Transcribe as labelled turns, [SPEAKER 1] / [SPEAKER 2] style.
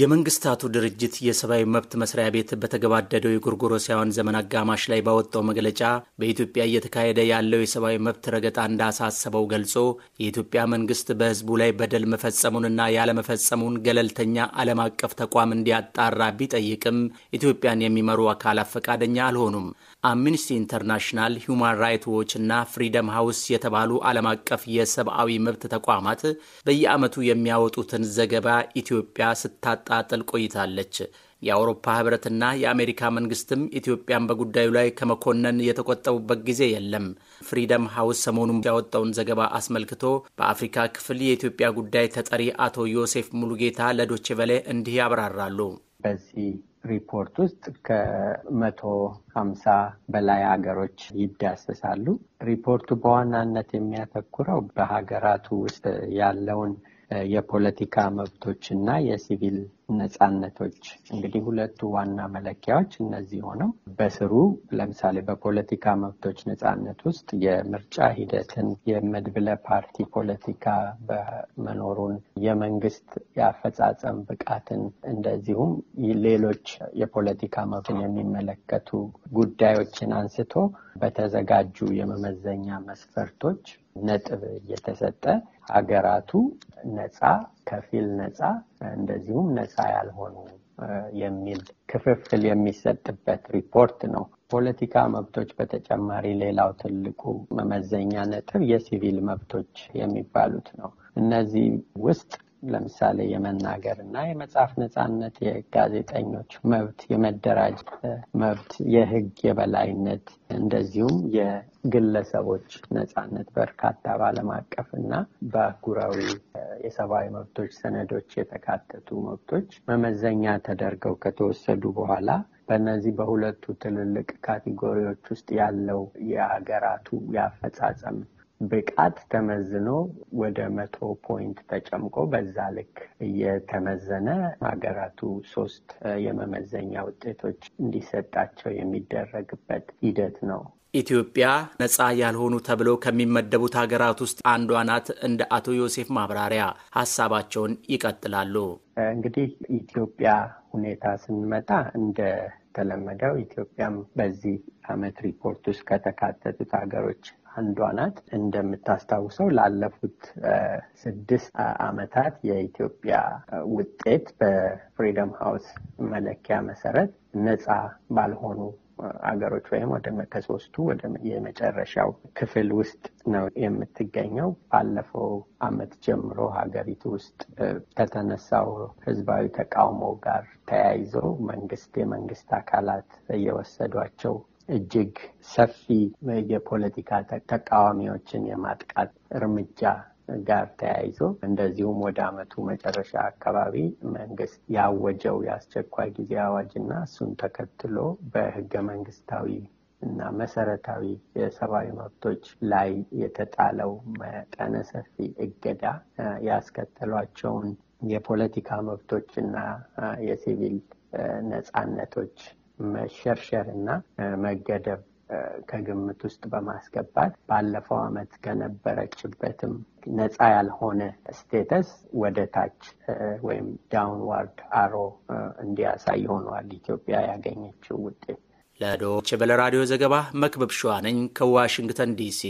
[SPEAKER 1] የመንግስታቱ ድርጅት የሰብአዊ መብት መስሪያ ቤት በተገባደደው የጎርጎሮሳውያን ዘመን አጋማሽ ላይ ባወጣው መግለጫ በኢትዮጵያ እየተካሄደ ያለው የሰብአዊ መብት ረገጣ እንዳሳሰበው ገልጾ የኢትዮጵያ መንግስት በህዝቡ ላይ በደል መፈጸሙንና ያለመፈጸሙን ገለልተኛ ዓለም አቀፍ ተቋም እንዲያጣራ ቢጠይቅም ኢትዮጵያን የሚመሩ አካላት ፈቃደኛ አልሆኑም። አምኒስቲ ኢንተርናሽናል፣ ሁማን ራይት ዎች እና ፍሪደም ሃውስ የተባሉ ዓለም አቀፍ የሰብአዊ መብት ተቋማት በየዓመቱ የሚያወጡትን ዘገባ ኢትዮጵያ ስታ ስታጣጥል ቆይታለች። የአውሮፓ ህብረትና የአሜሪካ መንግስትም ኢትዮጵያን በጉዳዩ ላይ ከመኮነን የተቆጠቡበት ጊዜ የለም። ፍሪደም ሀውስ ሰሞኑን ያወጣውን ዘገባ አስመልክቶ በአፍሪካ ክፍል የኢትዮጵያ ጉዳይ ተጠሪ አቶ ዮሴፍ ሙሉጌታ ለዶቼ ቬለ እንዲህ ያብራራሉ።
[SPEAKER 2] በዚህ ሪፖርት ውስጥ ከመቶ ሀምሳ በላይ ሀገሮች ይዳሰሳሉ። ሪፖርቱ በዋናነት የሚያተኩረው በሀገራቱ ውስጥ ያለውን የፖለቲካ መብቶች እና የሲቪል ነጻነቶች እንግዲህ ሁለቱ ዋና መለኪያዎች እነዚህ ሆነው በስሩ ለምሳሌ በፖለቲካ መብቶች ነጻነት ውስጥ የምርጫ ሂደትን የመድብለ ፓርቲ ፖለቲካ በመኖሩን የመንግስት የአፈጻጸም ብቃትን እንደዚሁም ሌሎች የፖለቲካ መብትን የሚመለከቱ ጉዳዮችን አንስቶ በተዘጋጁ የመመዘኛ መስፈርቶች ነጥብ እየተሰጠ ሀገራቱ ነፃ፣ ከፊል ነፃ፣ እንደዚሁም ነፃ ያልሆኑ የሚል ክፍፍል የሚሰጥበት ሪፖርት ነው። ፖለቲካ መብቶች በተጨማሪ ሌላው ትልቁ መመዘኛ ነጥብ የሲቪል መብቶች የሚባሉት ነው። እነዚህ ውስጥ ለምሳሌ የመናገር እና የመጽሐፍ ነጻነት፣ የጋዜጠኞች መብት፣ የመደራጀት መብት፣ የህግ የበላይነት እንደዚሁም የግለሰቦች ነጻነት በርካታ በዓለም አቀፍ እና በአህጉራዊ የሰብአዊ መብቶች ሰነዶች የተካተቱ መብቶች መመዘኛ ተደርገው ከተወሰዱ በኋላ በእነዚህ በሁለቱ ትልልቅ ካቴጎሪዎች ውስጥ ያለው የሀገራቱ የአፈጻጸም ብቃት ተመዝኖ ወደ መቶ ፖይንት ተጨምቆ በዛ ልክ እየተመዘነ ሀገራቱ ሶስት የመመዘኛ ውጤቶች እንዲሰጣቸው የሚደረግበት ሂደት ነው።
[SPEAKER 1] ኢትዮጵያ ነጻ ያልሆኑ ተብለው ከሚመደቡት ሀገራት ውስጥ አንዷ ናት። እንደ አቶ ዮሴፍ ማብራሪያ ሀሳባቸውን ይቀጥላሉ። እንግዲህ
[SPEAKER 2] ኢትዮጵያ ሁኔታ ስንመጣ እንደ ተለመደው ኢትዮጵያም በዚህ አመት ሪፖርት ውስጥ ከተካተቱት ሀገሮች አንዷ ናት። እንደምታስታውሰው ላለፉት ስድስት ዓመታት የኢትዮጵያ ውጤት በፍሪደም ሃውስ መለኪያ መሰረት ነፃ ባልሆኑ አገሮች ወይም ወደ ከሶስቱ ወደ የመጨረሻው ክፍል ውስጥ ነው የምትገኘው። ባለፈው አመት ጀምሮ ሀገሪቱ ውስጥ ከተነሳው ህዝባዊ ተቃውሞ ጋር ተያይዞ መንግስት የመንግስት አካላት እየወሰዷቸው። እጅግ ሰፊ የፖለቲካ ተቃዋሚዎችን የማጥቃት እርምጃ ጋር ተያይዞ እንደዚሁም ወደ አመቱ መጨረሻ አካባቢ መንግስት ያወጀው የአስቸኳይ ጊዜ አዋጅ እና እሱን ተከትሎ በህገ መንግስታዊ እና መሰረታዊ የሰብአዊ መብቶች ላይ የተጣለው መጠነ ሰፊ እገዳ ያስከተሏቸውን የፖለቲካ መብቶች እና የሲቪል ነጻነቶች መሸርሸር እና መገደብ ከግምት ውስጥ በማስገባት ባለፈው ዓመት ከነበረችበትም ነፃ ያልሆነ ስቴተስ ወደ ታች ወይም ዳውንዋርድ
[SPEAKER 1] አሮ እንዲያሳይ ሆኗል ኢትዮጵያ ያገኘችው ውጤት። ለዶይቼ ቬለ ራዲዮ ዘገባ መክበብ ሸዋ ነኝ ከዋሽንግተን ዲሲ።